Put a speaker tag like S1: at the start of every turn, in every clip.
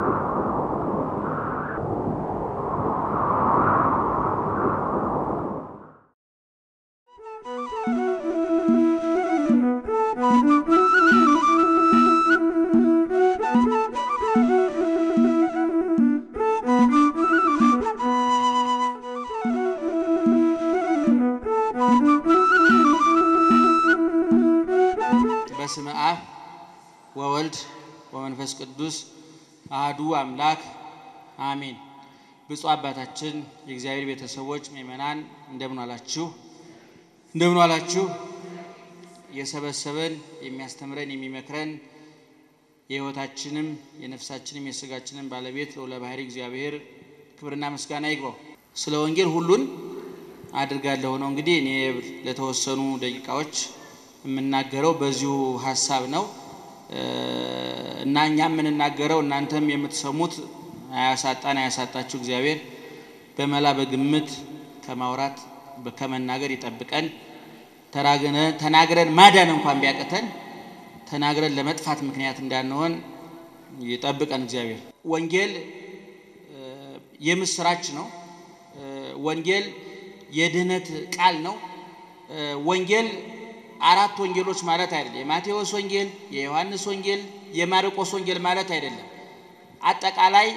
S1: you አህዱ አምላክ አሜን። ብፁዕ አባታችን፣ የእግዚአብሔር ቤተሰቦች፣ ምእመናን እንደምን አላችሁ? እንደምን አላችሁ? የሰበሰበን የሚያስተምረን የሚመክረን የህይወታችንም የነፍሳችንም የስጋችንም ባለቤት ልዑለ ባሕሪ እግዚአብሔር ክብርና ምስጋና ይግባው። ስለ ወንጌል ሁሉን አድርጋለሁ ነው። እንግዲህ እኔ ለተወሰኑ ደቂቃዎች የምናገረው በዚሁ ሀሳብ ነው። እና እኛ የምንናገረው እናንተም የምትሰሙት አያሳጣን አያሳጣችሁ። እግዚአብሔር በመላ በግምት ከማውራት ከመናገር ይጠብቀን። ተናግረን ማዳን እንኳን ቢያቅተን ተናግረን ለመጥፋት ምክንያት እንዳንሆን ይጠብቀን እግዚአብሔር። ወንጌል የምስራች ነው። ወንጌል የድህነት ቃል ነው። ወንጌል አራት ወንጌሎች ማለት አይደለም። የማቴዎስ ወንጌል፣ የዮሐንስ ወንጌል፣ የማርቆስ ወንጌል ማለት አይደለም። አጠቃላይ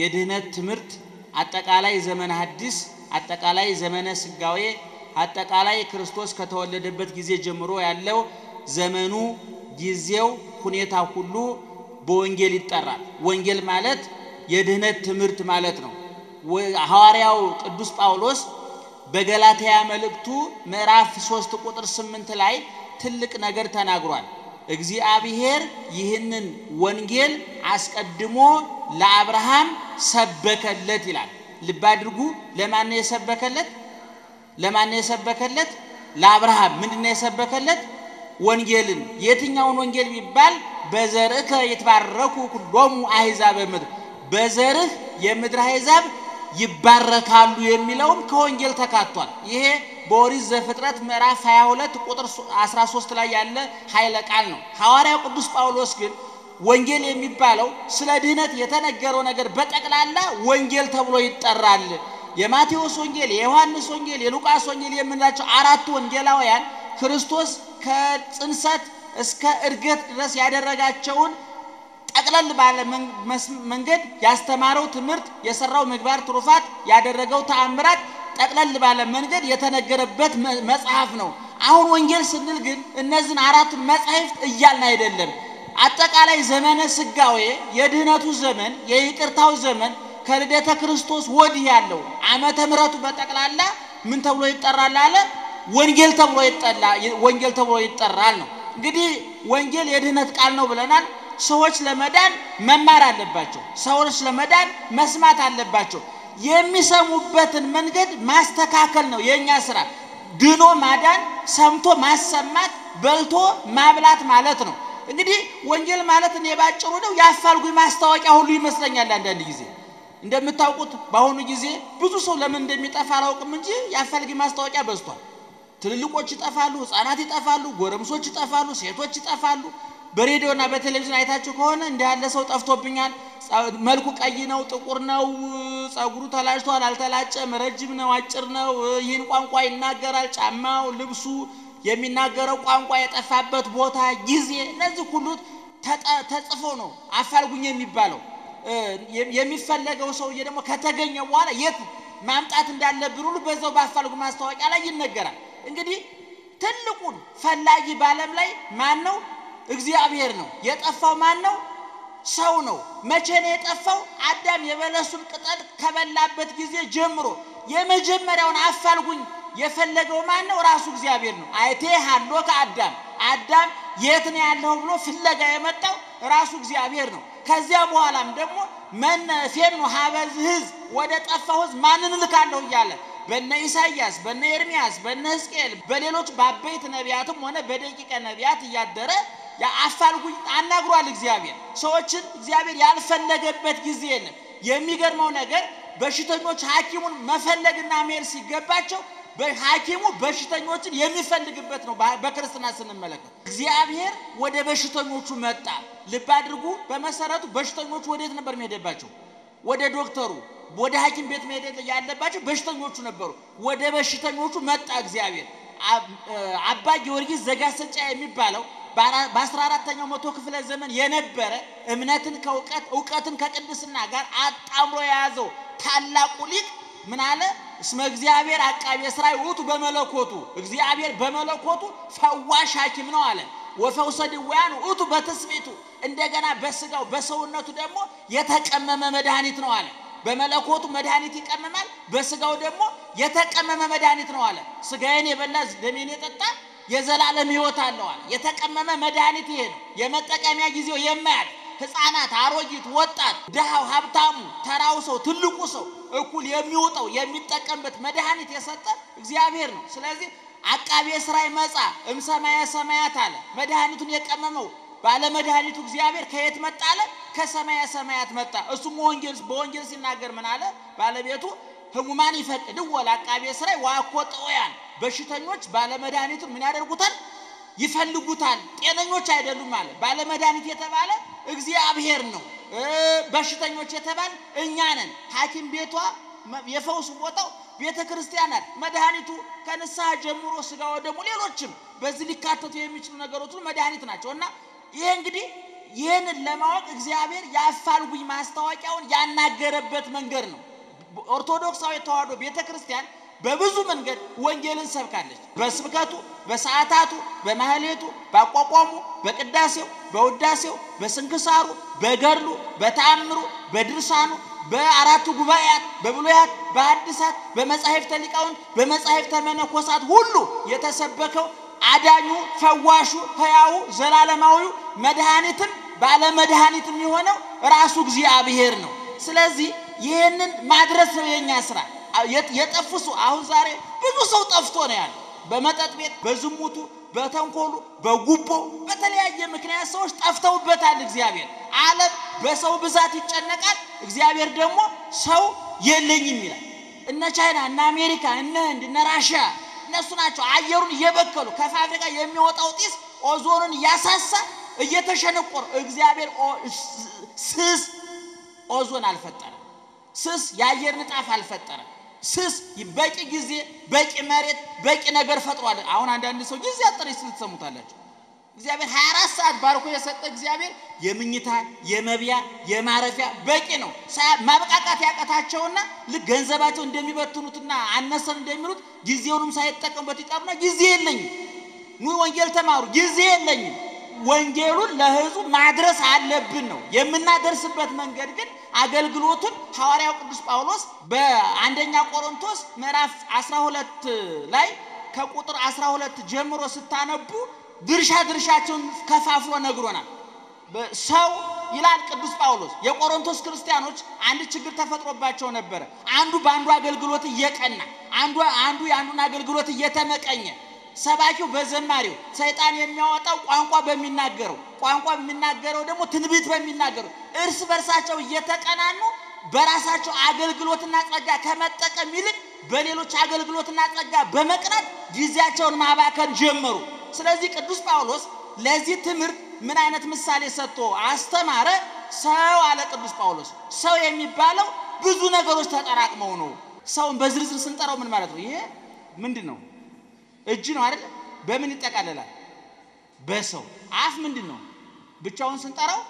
S1: የድህነት ትምህርት፣ አጠቃላይ ዘመነ ሐዲስ፣ አጠቃላይ ዘመነ ስጋዌ፣ አጠቃላይ ክርስቶስ ከተወለደበት ጊዜ ጀምሮ ያለው ዘመኑ፣ ጊዜው፣ ሁኔታ ሁሉ በወንጌል ይጠራል። ወንጌል ማለት የድህነት ትምህርት ማለት ነው። ሐዋርያው ቅዱስ ጳውሎስ በገላትያ መልእክቱ ምዕራፍ 3 ቁጥር 8 ላይ ትልቅ ነገር ተናግሯል። እግዚአብሔር ይህንን ወንጌል አስቀድሞ ለአብርሃም ሰበከለት ይላል። ልብ አድርጉ። ለማን ነው የሰበከለት? ለማን ነው የሰበከለት? ለአብርሃም። ምንድን ነው የሰበከለት? ወንጌልን። የትኛውን ወንጌል ቢባል በዘርዕከ የተባረኩ ኩሎሙ አሕዛብ ምድር፣ በዘርህ የምድር አሕዛብ ይባረካሉ የሚለውም ከወንጌል ተካቷል። ይሄ በኦሪት ዘፍጥረት ምዕራፍ 22 ቁጥር 13 ላይ ያለ ኃይለ ቃል ነው። ሐዋርያው ቅዱስ ጳውሎስ ግን ወንጌል የሚባለው ስለ ድህነት የተነገረው ነገር በጠቅላላ ወንጌል ተብሎ ይጠራል። የማቴዎስ ወንጌል፣ የዮሐንስ ወንጌል፣ የሉቃስ ወንጌል የምንላቸው አራቱ ወንጌላውያን ክርስቶስ ከጽንሰት እስከ እርገት ድረስ ያደረጋቸውን ጠቅለል ባለ መንገድ ያስተማረው ትምህርት፣ የሰራው ምግባር፣ ትሩፋት፣ ያደረገው ተአምራት ጠቅለል ባለ መንገድ የተነገረበት መጽሐፍ ነው። አሁን ወንጌል ስንል ግን እነዚህን አራት መጻሕፍት እያልን አይደለም። አጠቃላይ ዘመነ ስጋዌ የድህነቱ ዘመን፣ የይቅርታው ዘመን ከልደተ ክርስቶስ ወዲህ ያለው ዓመተ ምሕረቱ በጠቅላላ ምን ተብሎ ይጠራል አለ? ወንጌል ተብሎ ይጠራል ነው። እንግዲህ ወንጌል የድህነት ቃል ነው ብለናል። ሰዎች ለመዳን መማር አለባቸው። ሰዎች ለመዳን መስማት አለባቸው። የሚሰሙበትን መንገድ ማስተካከል ነው የእኛ ስራ። ድኖ ማዳን ሰምቶ ማሰማት፣ በልቶ ማብላት ማለት ነው። እንግዲህ ወንጌል ማለት እኔ ባጭሩ ነው የአፋልጉኝ ማስታወቂያ ሁሉ ይመስለኛል አንዳንድ ጊዜ እንደምታውቁት በአሁኑ ጊዜ ብዙ ሰው ለምን እንደሚጠፋ አላውቅም እንጂ የአፋልጉኝ ማስታወቂያ በዝቷል። ትልልቆች ይጠፋሉ፣ ህፃናት ይጠፋሉ፣ ጎረምሶች ይጠፋሉ፣ ሴቶች ይጠፋሉ። በሬዲዮና በቴሌቪዥን አይታችሁ ከሆነ እንዲህ ያለ ሰው ጠፍቶብኛል፣ መልኩ ቀይ ነው፣ ጥቁር ነው፣ ጸጉሩ ተላጭቷል፣ አልተላጨም፣ ረጅም ነው፣ አጭር ነው፣ ይህን ቋንቋ ይናገራል፣ ጫማው፣ ልብሱ፣ የሚናገረው ቋንቋ፣ የጠፋበት ቦታ፣ ጊዜ፣ እነዚህ ሁሉ ተጽፎ ነው አፋልጉኝ የሚባለው። የሚፈለገው ሰውዬ ደግሞ ከተገኘ በኋላ የት ማምጣት እንዳለብን ሁሉ በዛው በአፋልጉኝ ማስታወቂያ ላይ ይነገራል። እንግዲህ ትልቁን ፈላጊ በዓለም ላይ ማን ነው? እግዚአብሔር ነው። የጠፋው ማን ነው? ሰው ነው። መቼ ነው የጠፋው? አዳም የበለሱን ቅጠል ከበላበት ጊዜ ጀምሮ የመጀመሪያውን አፋልጉኝ የፈለገው ማን ነው? ራሱ እግዚአብሔር ነው። አይቴ ሃሎ ከአዳም አዳም የት ነው ያለው ብሎ ፍለጋ የመጣው ራሱ እግዚአብሔር ነው። ከዚያ በኋላም ደግሞ መነ ፌኑ ሀበዝ ህዝብ ወደ ጠፋው ህዝብ ማንን እልካለሁ እያለ በነ ኢሳይያስ፣ በነ ኤርሚያስ፣ በነ ህዝቅኤል በሌሎች በአበይት ነቢያትም ሆነ በደቂቀ ነቢያት እያደረ አፋልጉኝ አናግሯል እግዚአብሔር። ሰዎችን እግዚአብሔር ያልፈለገበት ጊዜ የለም። የሚገርመው ነገር በሽተኞች ሐኪሙን መፈለግና መሄድ ሲገባቸው ሀኪሙ በሽተኞችን የሚፈልግበት ነው። በክርስትና ስንመለከት እግዚአብሔር ወደ በሽተኞቹ መጣ። ልብ አድርጉ። በመሰረቱ በሽተኞቹ ወዴት ነበር የሚሄደባቸው? ወደ ዶክተሩ፣ ወደ ሐኪም ቤት መሄድ ያለባቸው በሽተኞቹ ነበሩ። ወደ በሽተኞቹ መጣ እግዚአብሔር። አባ ጊዮርጊስ ዘጋስጫ የሚባለው በአስራ አራተኛው መቶ ክፍለ ዘመን የነበረ እምነትን ከእውቀት እውቀትን ከቅድስና ጋር አጣምሮ የያዘው ታላቁ ሊቅ ምን አለ? እስመ እግዚአብሔር አቃቤ ሥራይ ውእቱ በመለኮቱ እግዚአብሔር በመለኮቱ ፈዋሽ ሐኪም ነው አለ። ወፈውሰ ድውያን ውእቱ በትስብእቱ እንደገና በስጋው በሰውነቱ ደግሞ የተቀመመ መድኃኒት ነው አለ። በመለኮቱ መድኃኒት ይቀመማል፣ በስጋው ደግሞ የተቀመመ መድኃኒት ነው አለ። ስጋዬን የበላ ደሜን የጠጣ የዘላለም ህይወት አለዋል። የተቀመመ መድኃኒት ይሄ ነው። የመጠቀሚያ ጊዜው የማያል ህፃናት፣ አሮጊት፣ ወጣት፣ ድሃው፣ ሀብታሙ፣ ተራው ሰው፣ ትልቁ ሰው እኩል የሚውጠው የሚጠቀምበት መድኃኒት የሰጠ እግዚአብሔር ነው። ስለዚህ አቃቤ ስራይ መጻ እምሰማየ ሰማያት አለ። መድኃኒቱን የቀመመው ባለመድኃኒቱ እግዚአብሔር ከየት መጣ አለ? ከሰማየ ሰማያት መጣ። እሱም ወንጌል በወንጌል ሲናገር ምን አለ? ባለቤቱ ህሙማን ይፈቅድዎ አቃቤ ስራይ ዋኮ ጠወያን በሽተኞች ባለመድኃኒቱን ምን ያደርጉታል? ይፈልጉታል። ጤነኞች አይደሉም ማለት ባለመድኃኒት የተባለ እግዚአብሔር ነው። በሽተኞች የተባል እኛ ነን። ሐኪም ቤቷ የፈውስ ቦታው ቤተ ክርስቲያን ናት። መድኃኒቱ ከንስሐ ጀምሮ ስጋ ደግሞ ሌሎችም በዚህ ሊካተቱ የሚችሉ ነገሮች መድኃኒት ናቸው እና ይሄ እንግዲህ ይህንን ለማወቅ እግዚአብሔር የአፋልጉኝ ማስታወቂያውን ያናገረበት መንገድ ነው። ኦርቶዶክሳዊ ተዋህዶ ቤተ ክርስቲያን በብዙ መንገድ ወንጌልን ሰብካለች። በስብከቱ፣ በሰዓታቱ፣ በማህሌቱ፣ በአቋቋሙ፣ በቅዳሴው፣ በውዳሴው፣ በስንክሳሩ፣ በገድሉ፣ በተአምሩ፣ በድርሳኑ፣ በአራቱ ጉባኤያት፣ በብሉያት፣ በአዲሳት በመጻሕፍተ ሊቃውንት፣ በመጻሕፍተ መነኮሳት ሁሉ የተሰበከው አዳኙ፣ ፈዋሹ፣ ሕያው፣ ዘላለማዊው መድኃኒትም ባለመድኃኒትም የሆነው ራሱ እግዚአብሔር ነው። ስለዚህ ይህንን ማድረስ ነው የእኛ ስራ። የጠፉ ሰው አሁን ዛሬ ብዙ ሰው ጠፍቶ ነው ያለ። በመጠጥ ቤት፣ በዝሙቱ፣ በተንኮሉ፣ በጉቦ በተለያየ ምክንያት ሰዎች ጠፍተውበታል። እግዚአብሔር ዓለም በሰው ብዛት ይጨነቃል። እግዚአብሔር ደግሞ ሰው የለኝም ይላል። እነ ቻይና እነ አሜሪካ እነ ህንድ እነ ራሽያ እነሱ ናቸው አየሩን እየበከሉ ከፋብሪካ የሚወጣው ጢስ ኦዞኑን እያሳሳ እየተሸነቆረ። እግዚአብሔር ስስ ኦዞን አልፈጠረም። ስስ የአየር ንጣፍ አልፈጠረም። ስስ በቂ ጊዜ በቂ መሬት በቂ ነገር ፈጥሯል። አሁን አንዳንድ ሰው ጊዜ አጥሪ ስትሰሙታላችሁ። እግዚአብሔር 24 ሰዓት ባርኮ የሰጠ እግዚአብሔር የምኝታ የመብያ የማረፊያ በቂ ነው። ማብቃቃት ያቀታቸውና ልክ ገንዘባቸው እንደሚበትኑትና አነሰን እንደሚሉት ጊዜውንም ሳይጠቀሙበት ይቀሩና ጊዜ የለኝም ኑ ወንጌል ተማሩ ጊዜ የለኝም። ወንጌሉን ለህዝቡ ማድረስ አለብን ነው የምናደርስበት መንገድ ግን አገልግሎቱን ሐዋርያው ቅዱስ ጳውሎስ በአንደኛ ቆሮንቶስ ምዕራፍ 12 ላይ ከቁጥር 12 ጀምሮ ስታነቡ ድርሻ ድርሻቸውን ከፋፍሎ ነግሮናል። ሰው ይላል ቅዱስ ጳውሎስ የቆሮንቶስ ክርስቲያኖች አንድ ችግር ተፈጥሮባቸው ነበረ። አንዱ በአንዱ አገልግሎት እየቀና አንዱ አንዱ የአንዱን አገልግሎት እየተመቀኘ ሰባኪው በዘማሪው ሰይጣን የሚያወጣው ቋንቋ በሚናገረው ቋንቋ በሚናገረው ደግሞ ትንቢት በሚናገረው እርስ በርሳቸው እየተቀናኑ በራሳቸው አገልግሎትና ጸጋ ከመጠቀም ይልቅ በሌሎች አገልግሎትና ጸጋ በመቅረት ጊዜያቸውን ማባከን ጀመሩ። ስለዚህ ቅዱስ ጳውሎስ ለዚህ ትምህርት ምን አይነት ምሳሌ ሰጥቶ አስተማረ? ሰው አለ ቅዱስ ጳውሎስ። ሰው የሚባለው ብዙ ነገሮች ተጠራቅመው ነው። ሰውን በዝርዝር ስንጠራው ምን ማለት ነው? ይሄ ምንድን ነው? እጅ ነው አይደል? በምን ይጠቃለላል? በሰው አፍ ምንድን ነው? ብቻውን ስንጠራው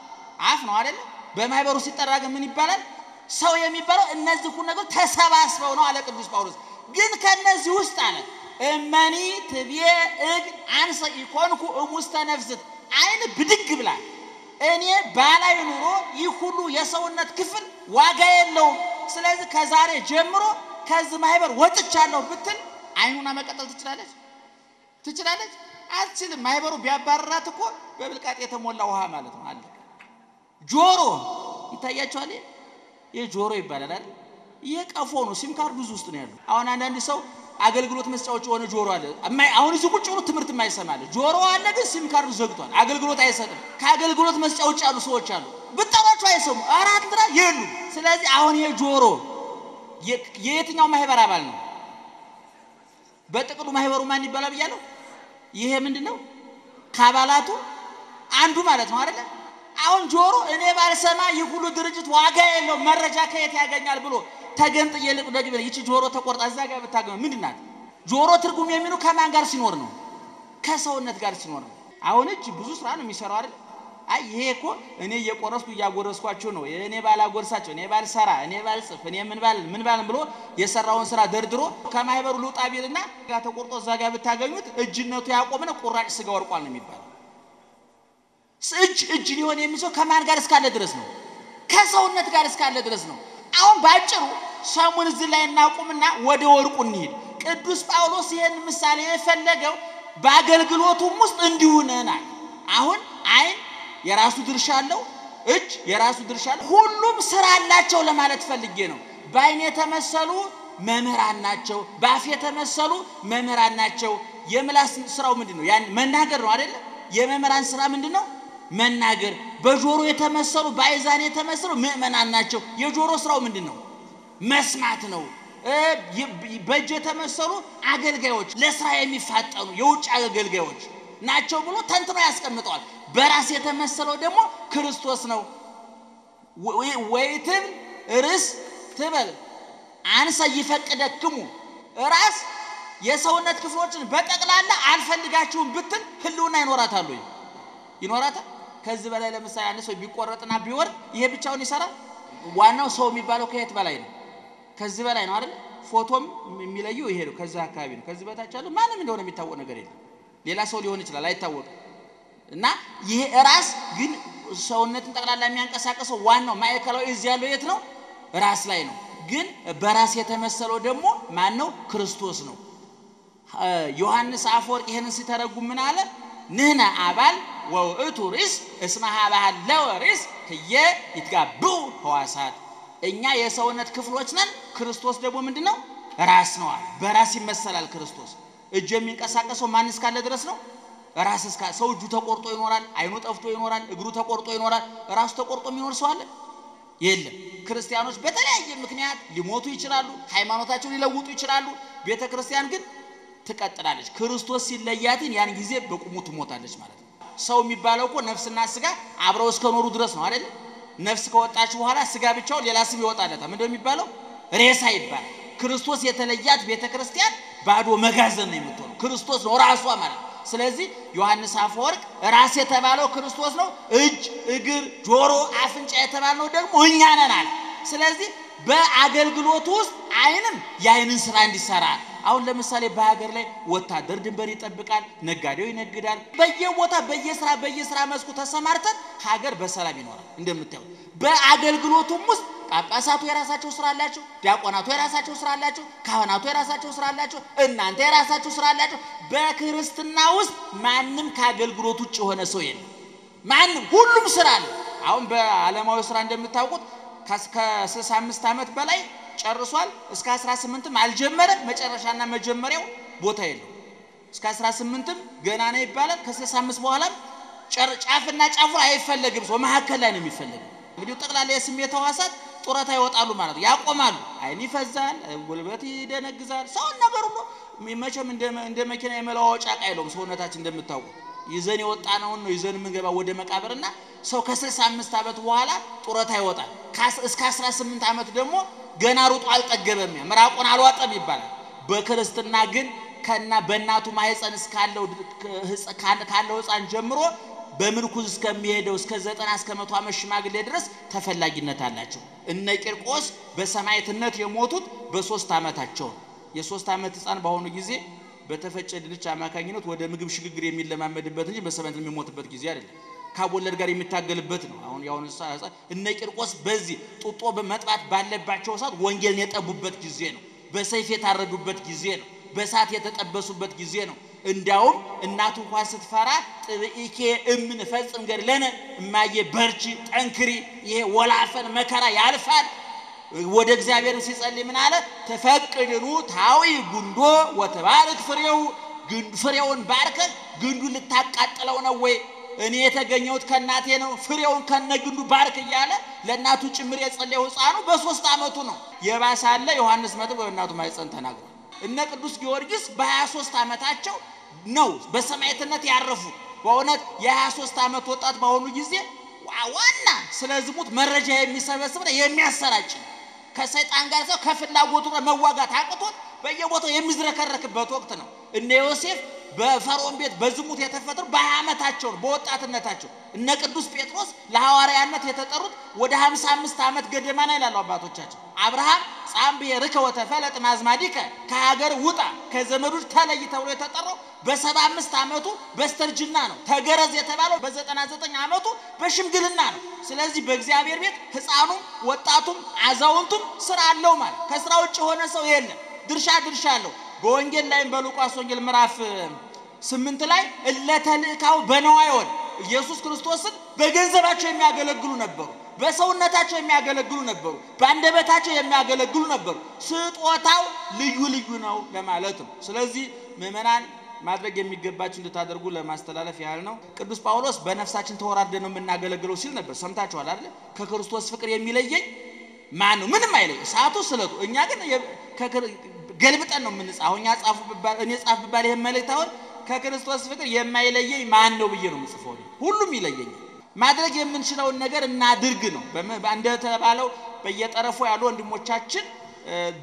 S1: አፍ ነው አይደል? በማህበሩ ሲጠራ ግን ምን ይባላል? ሰው የሚባለው እነዚህ ሁሉ ነገር ተሰባስበው ነው አለ ቅዱስ ጳውሎስ። ግን ከነዚህ ውስጥ አለ እመኒ ትቤ እግ አንሰ ኢኮንኩ እሙስተ ነፍስት አይን ብድግ ብላ እኔ ባላይ ኑሮ ይህ ሁሉ የሰውነት ክፍል ዋጋ የለውም፣ ስለዚህ ከዛሬ ጀምሮ ከዚህ ማህበር ወጥቻለሁ ብትል አይኑና መቀጠል ትችላለች። ትችላለች? አትችልም። ማይበሩ ቢያባረራት እኮ በብልቃጥ የተሞላ ውሃ ማለት ነው። አለ ጆሮ ይታያቸዋል። ይህ ጆሮ ይባላል አይደል? ይህ ቀፎ ነው። ሲም ካርድ ብዙ ውስጥ ነው ያለው። አሁን አንዳንድ ሰው አገልግሎት መስጫዎች የሆነ ጆሮ አለ። አሁን እዚህ ቁጭ ብሎ ትምህርት የማይሰማል ጆሮ አለ፣ ግን ሲም ካርዱ ዘግቷል። አገልግሎት አይሰጥም። ከአገልግሎት መስጫ ውጭ ያሉ ሰዎች አሉ። ብጠሯቸው አይሰሙ። አራት ትራ የሉ። ስለዚህ አሁን ይሄ ጆሮ የየትኛው ማህበር አባል ነው? በጥቅሉ ማህበሩ ማን ይባላል ብያለሁ? ይሄ ምንድን ነው? ከአባላቱ አንዱ ማለት ነው አይደለ? አሁን ጆሮ እኔ ባልሰማ ይህ ሁሉ ድርጅት ዋጋ የለው መረጃ ከየት ያገኛል ብሎ ተገንጥዬ ልቅ ደግሜ ይቺ ጆሮ ተቆርጣ እዛ ጋር ብታገኘው ምንድን ናት? ጆሮ ትርጉም የሚሉ ከማን ጋር ሲኖር ነው? ከሰውነት ጋር ሲኖር ነው። አሁን እጅ ብዙ ስራ ነው የሚሰራው አይደል? አይ ይሄ እኮ እኔ እየቆረስኩ እያጎረስኳችሁ ነው፣ እኔ ባላጎርሳቸው፣ እኔ ባልሰራ፣ እኔ ባልጽፍ፣ እኔ ምን ባል ምን ባል ብሎ የሰራውን ስራ ደርድሮ ከማህበሩ ልውጣ ቢልና ጋ ተቆርጦ እዛ ጋር ብታገኙት እጅነቱ ያቆምነ ቁራጭ ስጋ ወርቋል ነው የሚባለው። እጅ እጅ ሊሆን የሚሰው ከማን ጋር እስካለ ድረስ ነው? ከሰውነት ጋር እስካለ ድረስ ነው። አሁን ባጭሩ ሰሙን እዚህ ላይ እናቁምና ወደ ወርቁ እንሂድ። ቅዱስ ጳውሎስ ይህን ምሳሌ የፈለገው በአገልግሎቱም ውስጥ እንዲሁ ነናል አሁን የራሱ ድርሻ አለው፣ እጅ የራሱ ድርሻ አለው። ሁሉም ስራ አላቸው ለማለት ፈልጌ ነው። በአይን የተመሰሉ መምህራን ናቸው፣ በአፍ የተመሰሉ መምህራን ናቸው። የምላስ ስራው ምንድን ነው? ያን መናገር ነው አይደለ? የመምህራን ስራ ምንድን ነው? መናገር። በጆሮ የተመሰሉ በአይዛን የተመሰሉ ምእመናን ናቸው። የጆሮ ስራው ምንድን ነው? መስማት ነው። በእጅ የተመሰሉ አገልጋዮች፣ ለስራ የሚፋጠኑ የውጭ አገልጋዮች ናቸው ብሎ ተንትኖ ያስቀምጠዋል። በራስ የተመሰለው ደግሞ ክርስቶስ ነው። ወይትም ርስ ትበል አንሰ ይፈቅደክሙ ራስ የሰውነት ክፍሎችን በጠቅላላ አልፈልጋችሁም ብትል ህልውና ይኖራታሉ ይኖራታል? ከዚህ በላይ ለምሳሌ አንድ ሰው ቢቆረጥና ቢወርድ ይሄ ብቻውን ይሰራል? ዋናው ሰው የሚባለው ከየት በላይ ነው? ከዚህ በላይ ነው አይደል? ፎቶም የሚለየው ይሄ ነው። ከዚህ አካባቢ ነው። ከዚህ በታች ያለው ማንም እንደሆነ የሚታወቅ ነገር የለም። ሌላ ሰው ሊሆን ይችላል አይታወቅም። እና ይሄ ራስ ግን ሰውነትን ጠቅላላ የሚያንቀሳቀሰው ዋናው ማዕከላዊ እዚህ ያለው የት ነው? ራስ ላይ ነው። ግን በራስ የተመሰለው ደግሞ ማን ነው? ክርስቶስ ነው። ዮሐንስ አፈወርቅ ይህንን ሲተረጉም ምን አለ? ንህነ አባል ወውእቱ ርእስ እስመ ሀባሃለ ርእስ ህየ ይትጋብኡ ህዋሳት። እኛ የሰውነት ክፍሎች ነን፣ ክርስቶስ ደግሞ ምንድን ነው? ራስ ነዋል። በራስ ይመሰላል ክርስቶስ እጁ የሚንቀሳቀሰው ማን እስካለ ድረስ ነው። ራስ እስካ ሰው እጁ ተቆርጦ ይኖራል፣ አይኑ ጠፍቶ ይኖራል፣ እግሩ ተቆርጦ ይኖራል። ራሱ ተቆርጦ የሚኖር ሰው አለ የለም። ክርስቲያኖች በተለያየ ምክንያት ሊሞቱ ይችላሉ፣ ሃይማኖታቸው ሊለውጡ ይችላሉ። ቤተ ክርስቲያን ግን ትቀጥላለች። ክርስቶስ ሲለያትን ያን ጊዜ በቁሙ ትሞታለች ማለት ነው። ሰው የሚባለው እኮ ነፍስና ስጋ አብረው እስከኖሩ ድረስ ነው አይደል? ነፍስ ከወጣች በኋላ ስጋ ብቻው ሌላ ስም ይወጣለታል። ምንድነው የሚባለው? ሬሳ ይባላል። ክርስቶስ የተለያት ቤተ ክርስቲያን ባዶ መጋዘን ነው የምትሆነው። ክርስቶስ ነው ራሷ ማለት ነው። ስለዚህ ዮሐንስ አፈወርቅ ራስ የተባለው ክርስቶስ ነው። እጅ፣ እግር፣ ጆሮ፣ አፍንጫ የተባልነው ደግሞ እኛ ነን አለ። ስለዚህ በአገልግሎት ውስጥ አይንም የአይንን ስራ እንዲሰራ አሁን ለምሳሌ በሀገር ላይ ወታደር ድንበር ይጠብቃል፣ ነጋዴው ይነግዳል። በየቦታ በየስራ በየስራ መስኩ ተሰማርተን ሀገር በሰላም ይኖራል። እንደምታዩት በአገልግሎቱም ውስጥ ጳጳሳቱ የራሳቸው ስራ አላቸው፣ ዲያቆናቱ የራሳቸው ስራ አላቸው፣ ካህናቱ የራሳቸው ስራ አላቸው፣ እናንተ የራሳቸው ስራ አላቸው። በክርስትና ውስጥ ማንም ከአገልግሎት ውጭ የሆነ ሰው የለም። ማንም ሁሉም ስራ አለ። አሁን በዓለማዊ ስራ እንደምታውቁት ከ65 ዓመት በላይ ጨርሷል። እስከ 18ም አልጀመረም። መጨረሻና መጀመሪያው ቦታ የለው። እስከ 18ም ገና ነው ይባላል። ከ65 በኋላም ጫፍና ጫፉ አይፈለግም። ሰው መሀከል ላይ ነው የሚፈለገው። እንግዲህ ጠቅላላ የስሜት ሕዋሳት ጡረታ ይወጣሉ ማለት ነው። ያቆማሉ። አይን ይፈዛል፣ ጉልበት ይደነግዛል። ሰውን ነገር ሁሉ መቼም እንደ መኪና የመለዋወጫ ዕቃ የለውም። ሰውነታችን እንደምታውቁ ይዘን የወጣነውን ነው ነው ይዘን የምንገባ ወደ መቃብርና ሰው ከ65 ዓመት በኋላ ጡረታ ይወጣል። እስከ 18 ዓመት ደግሞ ገና ሩጦ አልጠገበም፣ ምራቁን አልዋጠም ይባላል። በክርስትና ግን ከና በእናቱ ማህፀን እስካለው ካለው ሕፃን ጀምሮ በምርኩዝ እስከሚሄደው እስከ ዘጠና እስከ መቶ ዓመት ሽማግሌ ድረስ ተፈላጊነት አላቸው። እነ ቂርቆስ በሰማዕትነት የሞቱት በሶስት ዓመታቸው የሶስት ዓመት ህፃን በአሁኑ ጊዜ በተፈጨ ድንች አማካኝነት ወደ ምግብ ሽግግር የሚለማመድበት እንጂ በሰማዕትነት የሚሞትበት ጊዜ አይደለም። ካወለድ ጋር የሚታገልበት ነው። አሁን ያሁን እነ ቂርቆስ በዚህ ጡጦ መጥባት ባለባቸው ሰዓት ወንጌልን የጠቡበት ጊዜ ነው። በሰይፍ የታረዱበት ጊዜ ነው። በእሳት የተጠበሱበት ጊዜ ነው። እንዲያውም እናቱ እንኳን ስትፈራ ጥብኢኬ እምን ፈጽም ገድለነ እማየ በርቺ ጠንክሪ፣ ይሄ ወላፈን መከራ ያልፋል። ወደ እግዚአብሔር ሲጸልይ ምን አለ? ተፈቅድኑ ታዊ ጉንዶ ወተባርክ ፍሬው ፍሬውን ባርከ ግንዱ ልታቃጥለው ነው ወይ? እኔ የተገኘሁት ከእናቴ ነው፣ ፍሬውን ከነ ግንዱ ባርክ እያለ ለእናቱ ጭምር የጸለየው ሕፃኑ በሶስት ዓመቱ ነው። የባሳለ ዮሐንስ መጥምቅ በእናቱ ማኅፀን ተናግሯል። እነ ቅዱስ ጊዮርጊስ በ23 ዓመታቸው ነው በሰማዕትነት ያረፉት። በእውነት የ23 ዓመት ወጣት በአሁኑ ጊዜ ዋና ስለ ዝሙት መረጃ የሚሰበስብና የሚያሰራጭ ከሰይጣን ጋር ሰው ከፍላጎቱ ጋር መዋጋት አቅቶት በየቦታው የሚዝረከረክበት ወቅት ነው። እነ ዮሴፍ በፈርዖን ቤት በዝሙት የተፈጠሩ በሀያ ህፃንነታቸው በወጣትነታቸው እነ ቅዱስ ጴጥሮስ ለሐዋርያነት የተጠሩት ወደ 55 ዓመት ገደማ ነው ይላሉ አባቶቻቸው። አብርሃም ጻም ብሔርከ ወተፈለጥ ማዝማዲከ ከሀገር ውጣ ከዘመዶች ተለይ ተብሎ የተጠራው በ75 ዓመቱ በስተርጅና ነው። ተገረዝ የተባለው በ99 ዓመቱ በሽምግልና ነው። ስለዚህ በእግዚአብሔር ቤት ህፃኑም፣ ወጣቱም፣ አዛውንቱም ስራ አለው ማለት ከስራ ውጭ የሆነ ሰው የለም። ድርሻ ድርሻ አለው። በወንጌል ላይም በሉቃስ ወንጌል ምዕራፍ ስምንት ላይ እለተልእካው በነዋዮን ኢየሱስ ክርስቶስን በገንዘባቸው የሚያገለግሉ ነበሩ። በሰውነታቸው የሚያገለግሉ ነበሩ። በአንደበታቸው የሚያገለግሉ ነበሩ። ስጦታው ልዩ ልዩ ነው ለማለት ነው። ስለዚህ ምእመናን ማድረግ የሚገባችሁ እንድታደርጉ ለማስተላለፍ ያህል ነው። ቅዱስ ጳውሎስ በነፍሳችን ተወራደ ነው የምናገለግለው ሲል ነበር። ሰምታችኋል አይደል? ከክርስቶስ ፍቅር የሚለየኝ ማን ነው? ምንም አይለኝ፣ እሳቱ ስለቱ። እኛ ግን ገልብጠን ነው የምንጻ እኔ ጻፍ ብባል ይህን መልእክት አሁን ከክርስቶስ ፍቅር የማይለየኝ ማን ነው ብዬ ነው ምጽፈው። ሁሉም ይለየኛል። ማድረግ የምንችለውን ነገር እናድርግ ነው። እንደተባለው በየጠረፉ ያሉ ወንድሞቻችን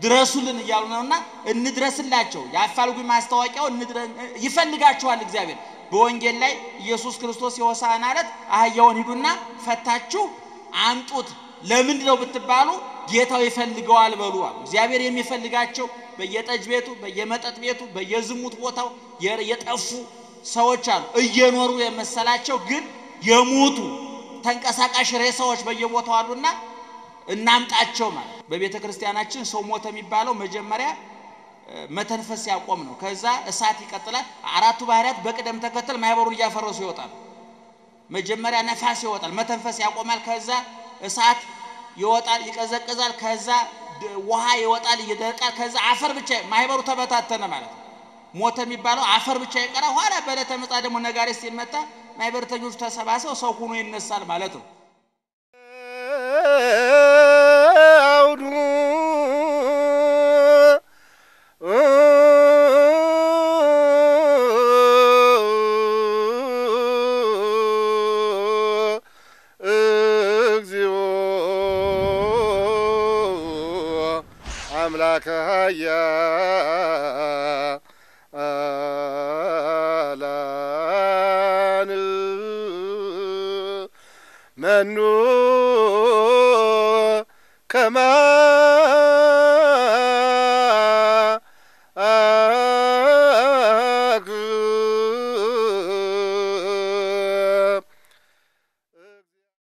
S1: ድረሱልን እያሉ ነውና እንድረስላቸው። የአፋልጉ ማስታወቂያው ይፈልጋቸዋል እግዚአብሔር። በወንጌል ላይ ኢየሱስ ክርስቶስ የሆሳዕና ዕለት አህያውን ሂዱና ፈታችሁ አምጡት ለምንድ ነው ብትባሉ ጌታው ይፈልገዋል በሉ። እግዚአብሔር የሚፈልጋቸው በየጠጅ ቤቱ፣ በየመጠጥ ቤቱ፣ በየዝሙት ቦታው የጠፉ ሰዎች አሉ። እየኖሩ የመሰላቸው ግን የሞቱ ተንቀሳቃሽ ሬሳዎች በየቦታው አሉና እናምጣቸው ማለት። በቤተ ክርስቲያናችን ሰው ሞተ የሚባለው መጀመሪያ መተንፈስ ያቆም ነው። ከዛ እሳት ይቀጥላል። አራቱ ባህሪያት በቅደም ተከተል ማህበሩን እያፈረሱ ይወጣሉ። መጀመሪያ ነፋስ ይወጣል፣ መተንፈስ ያቆማል። ከዛ እሳት ይወጣል፣ ይቀዘቅዛል። ከዛ ውሃ ይወጣል እየደረቃል። ከዛ አፈር ብቻ ማህበሩ ተበታተነ ማለት ነው። ሞተ የሚባለው አፈር ብቻ ይቀራ። ኋላ በዕለተ ምጽአት ደግሞ ነጋሪ ሲመጣ ማህበረተኞቹ ተሰባስበው ሰው ሆኖ ይነሳል ማለት ነው። አምላከ ኃያላን መኑ ከማ